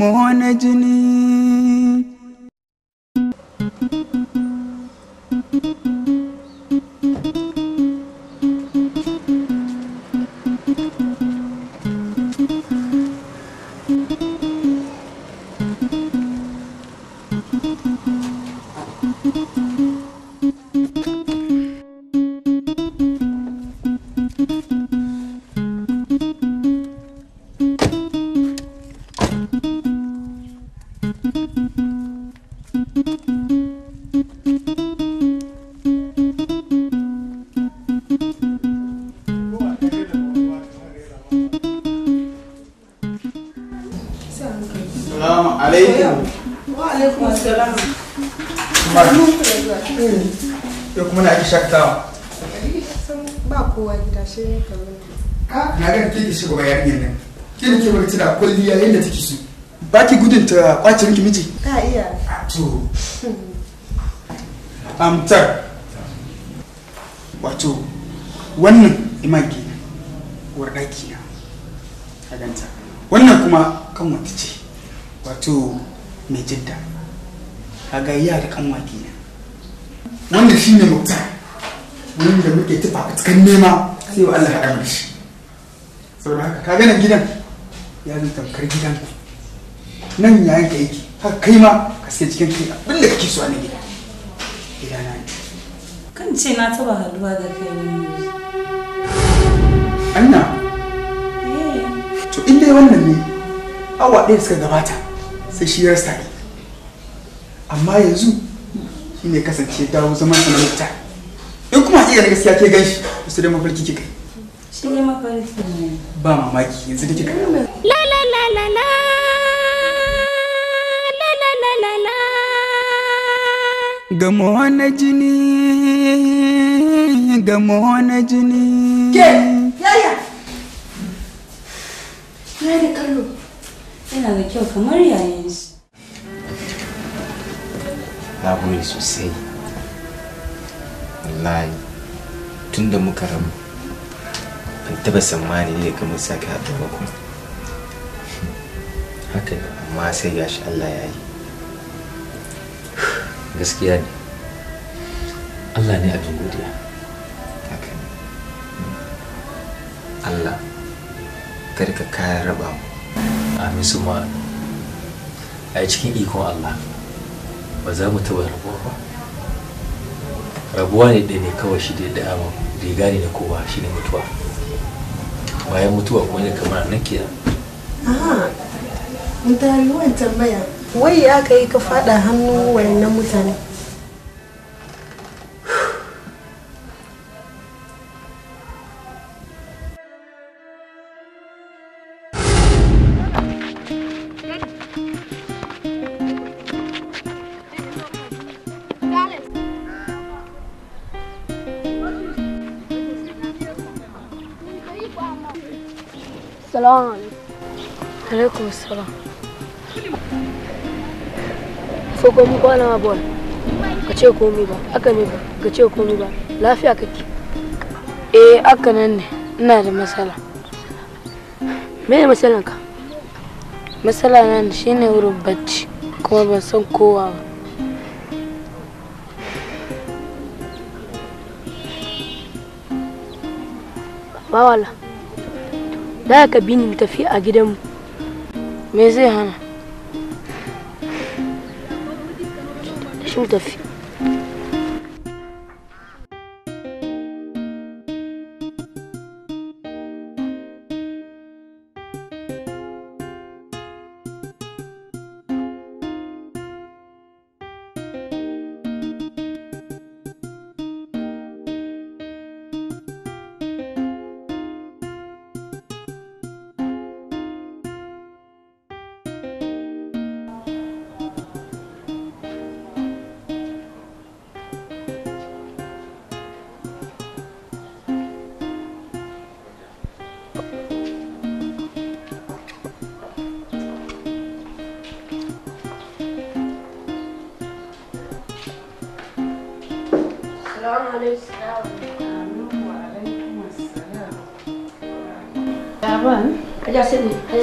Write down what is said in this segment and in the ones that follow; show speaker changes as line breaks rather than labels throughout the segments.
መሆነ ጅኒ thank you ba yarinyar nan ke da ke wani tana kwalliya yadda take so ba ki gudun ta kwace miki miji
ka iya ah,
to amtar um, wato wannan iman ke uwar ɗaki na a ganta wannan kuma kan wata ce wato mai jidda ga iya da kan waki na wanda shine muktar wanda muke tufa a cikin nema sai wa Allah ya shi saboda haka ka ganin gidan ya zai tamkar gidan nan yayin ka yake haka kai ma ka sai cikin kai abin da kake so a gida na ne
kan ce na taba haduwa da kai wani
anna eh. to in dai wannan ne awa ɗaya suka gabata sai shi ya rasta amma yanzu shi ne kasance dawo zaman sanarwa in kuma a iya na gaskiya ke gan shi su dai mafarki ke kai
Cikin mafarki ne.
Ba mamaki yanzu da kika.
La la la
la la.
Gamo na jini, gamo na jini. Ke,
yaya. Ya da kallo, yana da kyau kamar yayin shi.
Na gode sosai. Wallahi, tun da muka rabu, ban taba tsammani da kamar sake haɗu ba kuma haka ne amma sai gashi Allah ya yi gaskiya ne Allah ne abin godiya haka ne Allah karka kayan raba mu amin su ma a cikin ikon Allah ba za mu taɓa rabuwa ba rabuwa ne ɗaya ne kawai shi da ya riga ne na kowa shi ne mutuwa bayan mutuwa kuma ne kamar annakiya
aha
mun ta yi tambaya wai ya kai ka fada hannun wayannan mutane Assalamu alaikum. Alaikum assalam. So ko mu kwana ne ba. Ka ce komai da matsala. Me ne matsalan ka? Matsala nan shine wurin bacci kuma ban san da ka bi ni tafi a gidanmu me zai hana shi tafi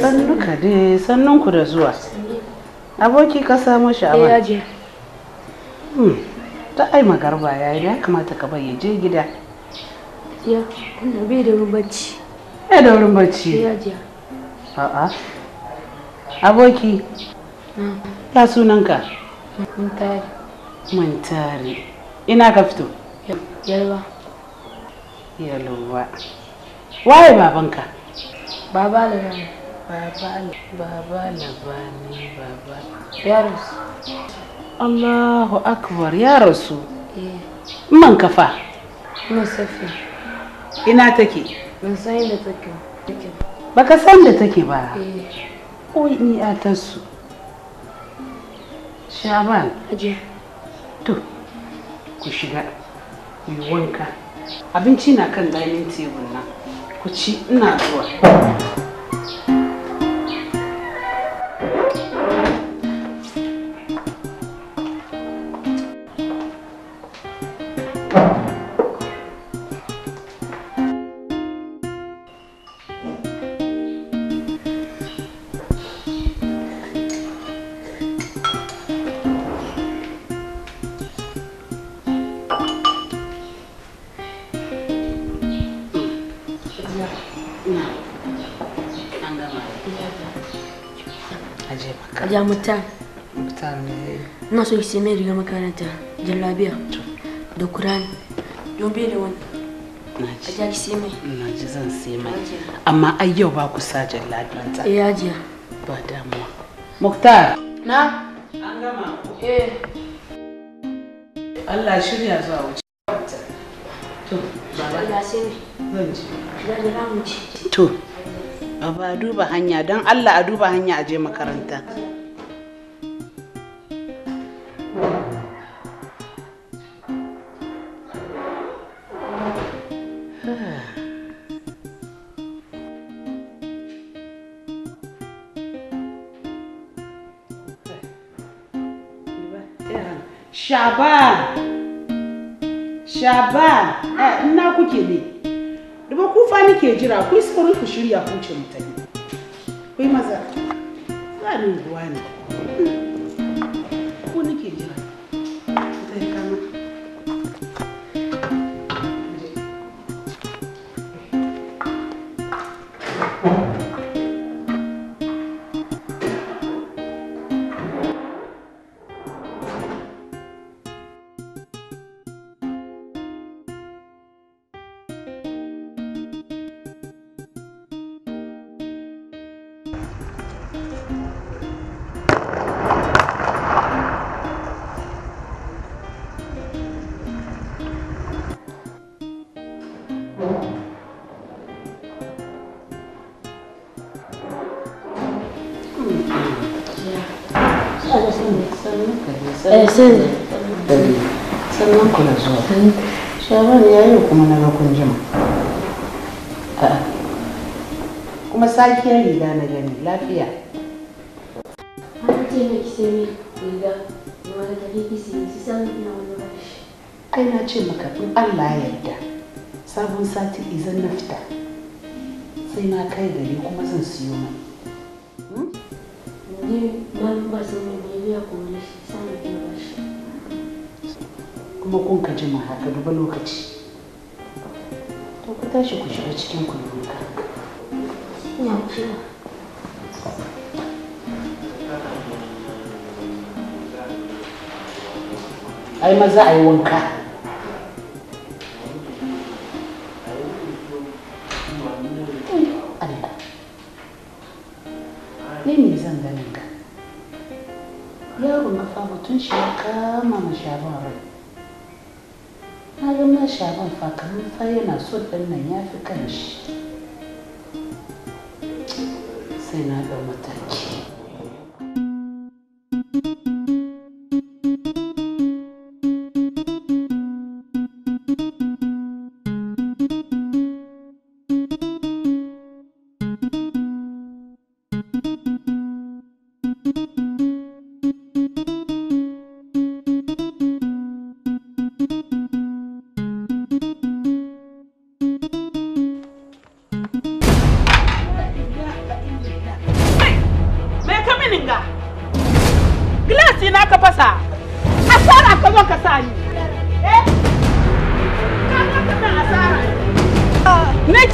Sannuka dai sannunku da zuwa. Aboki ka samo shi a eh, hmm, Ta ai magarba ya yi ya kamata ka bai je gida. Ya, bai da wurin bacci. Ya da wurin bacci. Eh, je. A'a. Aboki. Hmm. Ya sunanka? Muntari. Muntari. Ina ka fito? Yalwa. Yalwa. Waye babanka? Baba Labani. Baba Baba Labani Baba. Ya rasu. Allahu Akbar ya rasu. Eh. Man kafa. Ina Ina take? Ban san inda take. Baka san da take ba. Oi eh. ni a tasu. Shaban. Aje. To, ku shiga. yi wanka abinci na kan dining table na ku ci ina zuwa ya mutan mutan so ki mai riga makaranta jallabiya da kurani don bai da wani na ji zan sai mai amma ai yau ba ku sa ta eh ajiya ba damuwa muktar na an gama eh Allah shirya zuwa wuce to baba ya sai zan ji zan ji ci to Baba duba hanya don Allah a duba hanya a je makaranta. Shaba, eh, ina kuke ne? ba ku fa nake jira, ku saurin ku shirya ku ci mutane. Ku yi maza. Za ni ruwa ne. Hmm. Ku nake jira. sannan zuwa ya yi kuma na ga kuma sakiyar riga na gani lafiya an ce na tafi ai na ce maka in allah ya yarda sabon sati izan na fita sai na kai gari kuma zan siyo mai. Hmm? ba biya kuma shi. kuma kun ka jima haka duba lokaci to ku tashi ku shiga cikin ku wanka ina ai maza a yi wanka ka ga ma shaban fa kamar fa yana so ɗan nan ya fi kan shi sai na ɗau mata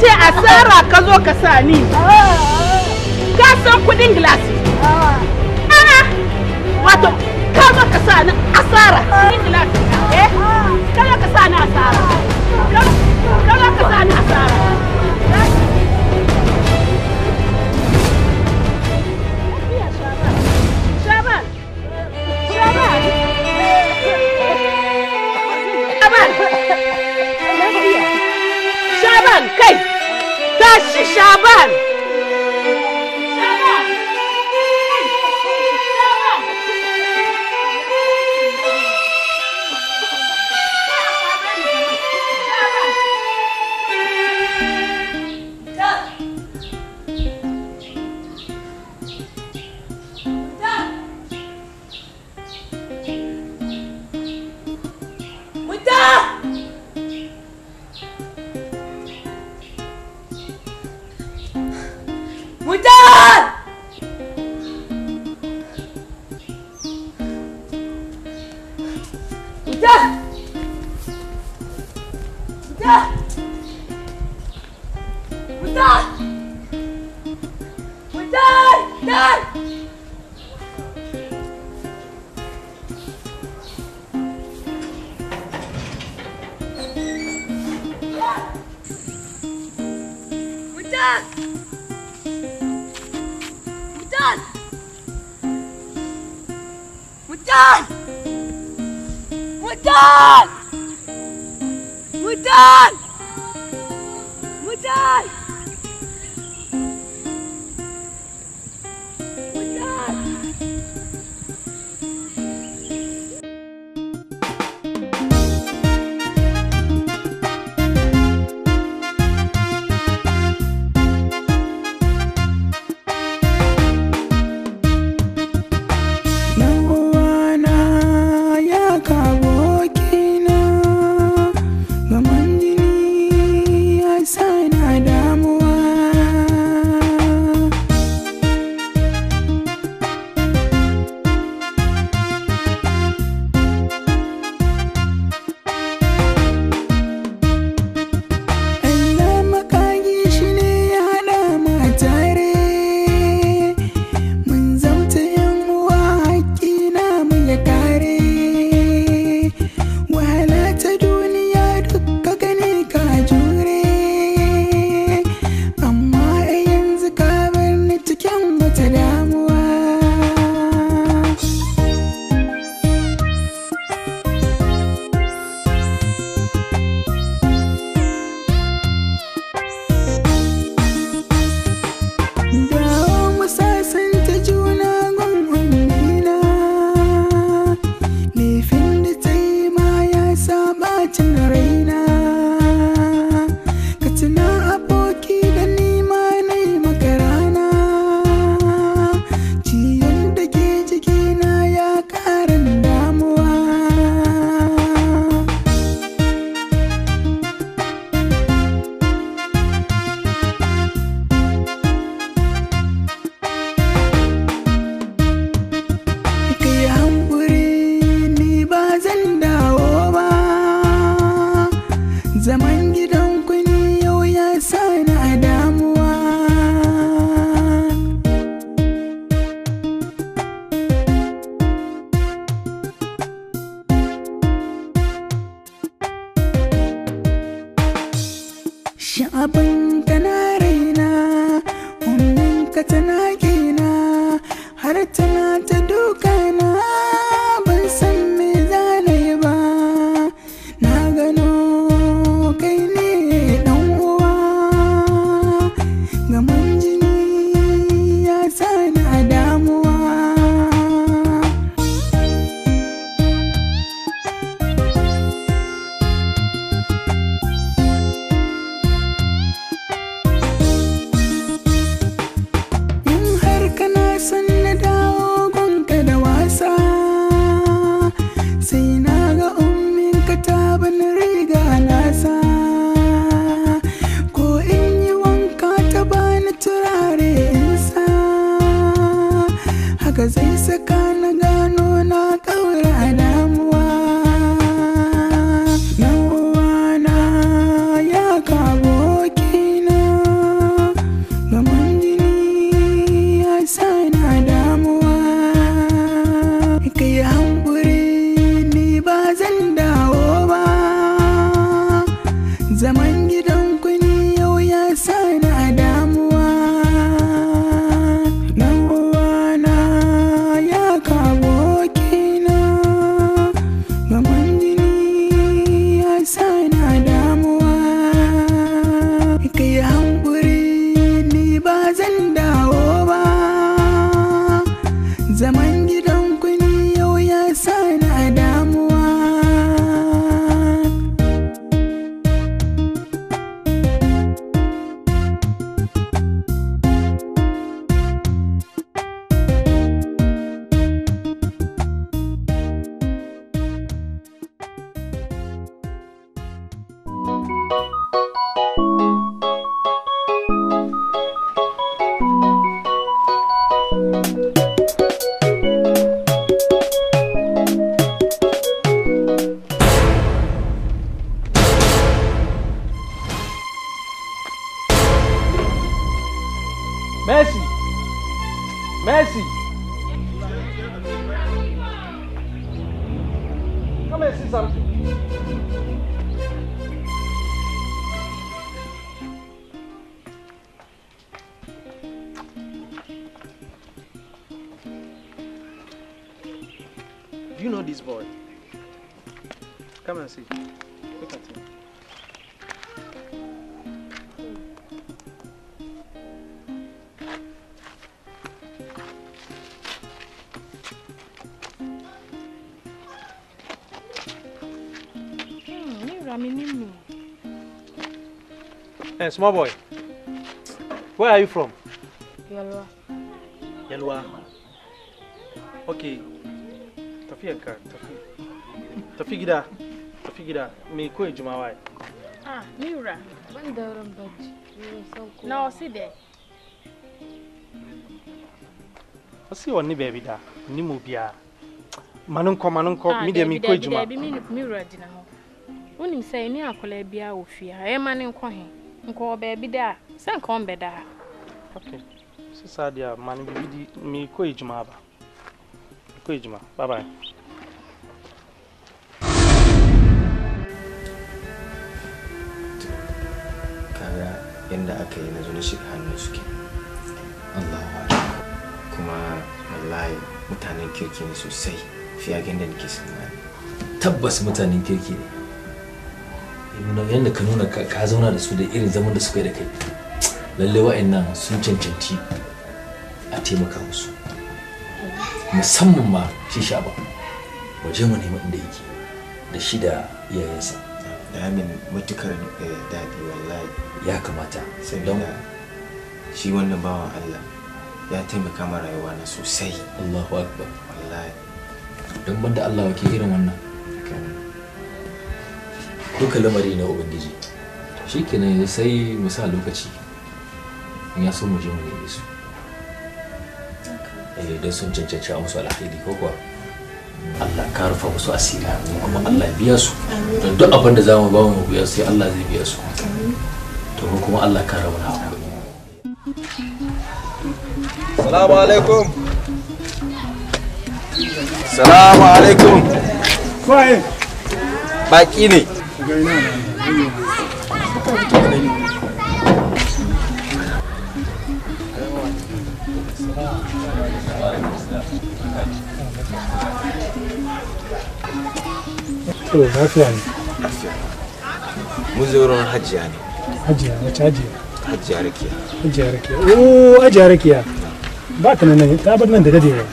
ce asara ka zo ka sa ni ka san kudin gilasi wato ka zo ka sa ni asara kudin gilasi eh ka zo ka sa ni asara ka zo ka sa ni asara Shaban!
Shaban! Kai! 啥是傻逼？We're done! We're done!
Do you know this boy? Come and see. Look at him.
Hey, hmm,
eh, small boy, where are you from? Yalwa. Yalwa. Okay, tafiyar ka tafi tafi gida tafi gida me koyi jumawa ya
ah miura ban da wurin bacci na wasu da
wasu wani bai bida ni mu biya manunko manunko ah, mi da mi koyi juma ah bi
miura jina ho unim sai ni akola biya wo fie ha e ma ne nko he nko ba bi da sai nko on beda ha
okay sisa dia man bi di mi koyi juma ba koyi juma bye bye
ka yi na zo na shiga hannun ke Allah kuma wallahi mutanen kirki ne sosai fiye ga da nake tsammani tabbas mutanen kirki ne yadda ka nuna ka zauna da su da irin zaman da suka yi da kai lalle wa'annan sun cancanci a taimaka musu musamman ma shi sha ba waje mu nemi inda yake da shi da iyayensa amin matukar eh, daɗi wallahi ya kamata don shi wannan bawan Allah ya taimaka ma rayuwa na sosai Allahu akbar wallahi don banda Allah wake irin wannan duka lamari na ubangiji shikenan sai mu sa lokaci in ya so mu je mu nemi su eh don sun cancanci a musu ko kuwa Allah ka rufa musu asira kuma Allah biya su don duk abin da zamu ba mu biya sai Allah zai biya su to kuma Allah ka rabu na Assalamu alaikum Assalamu alaikum Baki ne
To lafiya ne.
Mun zo wurin hajiya ne.
Hajiya wace hajiya?
Hajiya rakiya.
Hajiya rakiya. Oh hajiya rakiya. Ba ta nan ta bar nan da dadewa.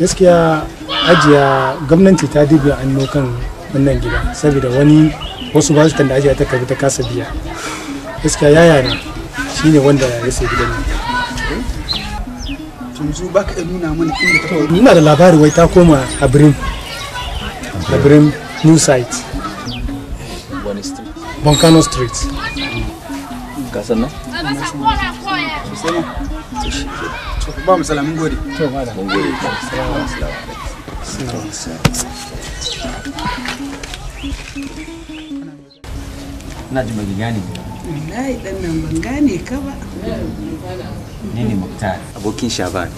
Gaskiya hajiya gwamnati ta dubi anno kan wannan gida saboda wani wasu ba su da hajiya ta karbi ta kasa biya. Gaskiya yaya ne shine wanda ya sai gidan nan. yanzu ba ka nuna mana inda ta faru ina da labari wai ta koma a Brim. a Brim new site wani street bonkano street ka san nan ba mu salamin gode
to ba da mun gode alaikum ina ji
wallahi
dan nan ban gane ka ba
Ni ne Abokin Shaban.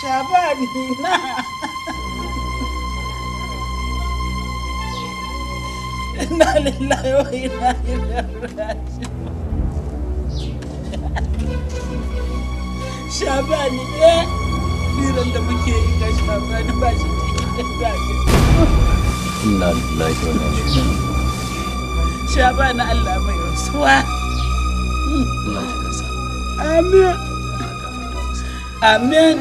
Shaban na.
Inna lillahi wa inna Shabani eh
da muke yi ga Shabani ba shi cikin dage. Shabani Allah mai Amin. Amin.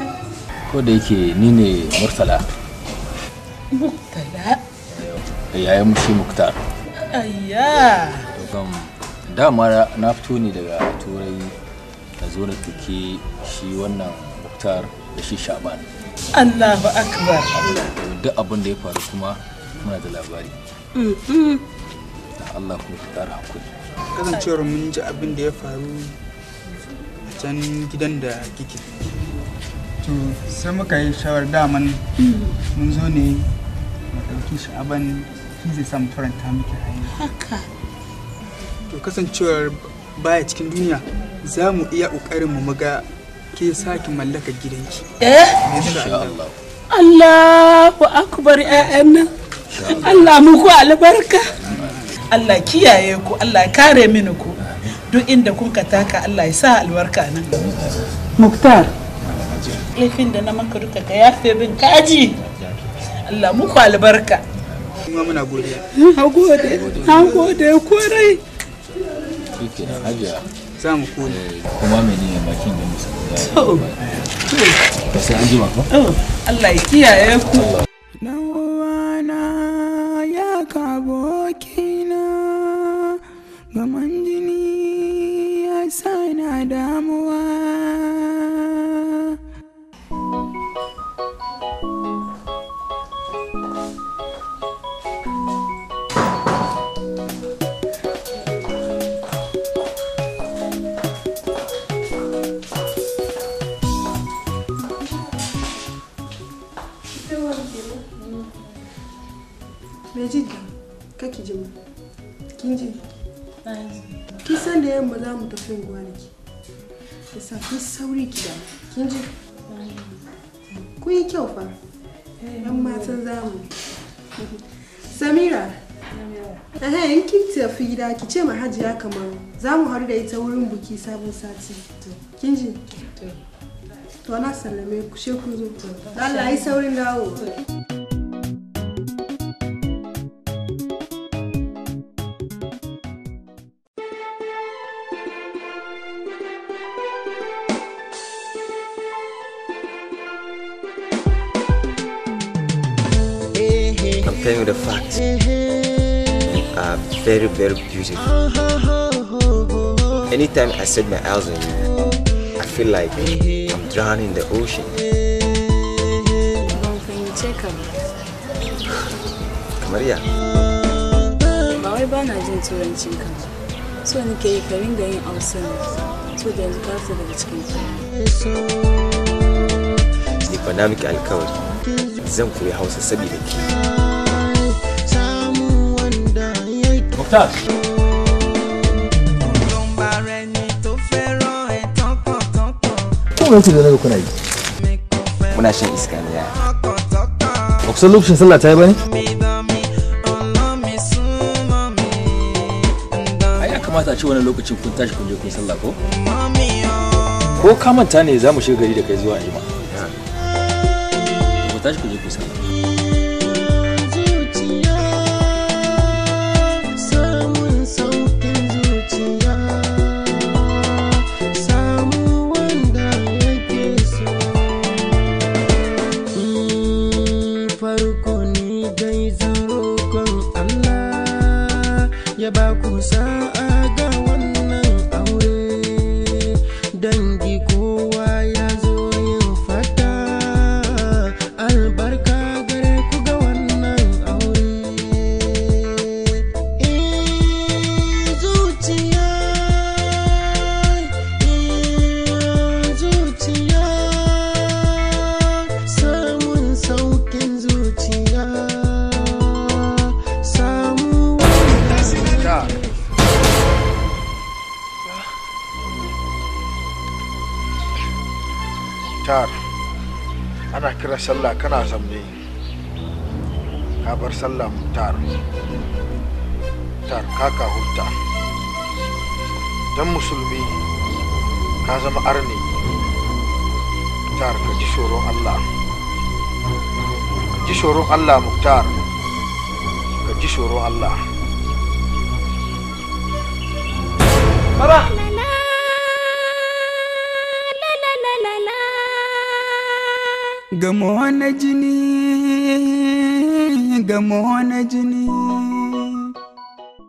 Ko da yake ni ne Murtala.
Murtala?
Eh, Yayan shi Muktar.
Ayya.
Dama na fito ne daga Turai na zo na tuke shi wannan Muktar da shi Shaban. Allahu Akbar. Duk abin da ya faru kuma muna da labari. Allah ku fitar hakuri. Kasancewar mun ji abin
da ya faru can gidan da kike to sai muka yi shawar daman mun zo ne mu ɗauki shi aban shi zai samu faranta miki rayu haka to kasancewar baya cikin duniya za mu iya ƙoƙarin mu muga ke sake mallaka gidanki
eh
Allahu akbar ƴaƴan nan Allah ku albarka Allah kiyaye ku Allah kare mini ku duk inda kun ka taka Allah ya sa albarka nan muktar laifin da na maka duka ka yafe bin kaji Allah muku albarka kuma muna godiya
ha gode ha gode korai za mu kone kuma bakin da to oh. an ji ba ko oh. Allah ya kiyaye ku mai
jidda kaki jima kin ji ki san da yamma za mu tafi unguwa da ki da safi sauri ki da kin ji kun yi kyau fa eh, yan matan mu, samira Aha, in ki tafi gida ki ce ma hajiya kamar za mu haru da ita wurin buki sabon sati. Kin ji? To na sallame ku she ku zo. Allah yi saurin
dawo.
very, very beautiful. Anytime I set my eyes on you, I feel like I'm drowning in the ocean. Maria.
na jin turancin So the yi ka
da cikin alkawari. Zan koyi Hausa saboda ke. Mukhtar. Kuma da naga kuna yi. Muna shan iska ne ya. Ba kusan lokacin sallah ta yi ba ne? Ai ya kamata a ce wani lokacin kun tashi kun je kun sallah ko? Ko ka manta ne za mu shiga gari da kai zuwa jima. Ku tashi kun je kun sallah.
ana kira sallah kana zamne ka bar sallah mutar mutar kaka hurta dan musulmi ka zama arni tar ka ji tsoron allah ji tsoron allah muktar ka ji tsoron allah
Baba!
Gamo na jini, gamo na jini.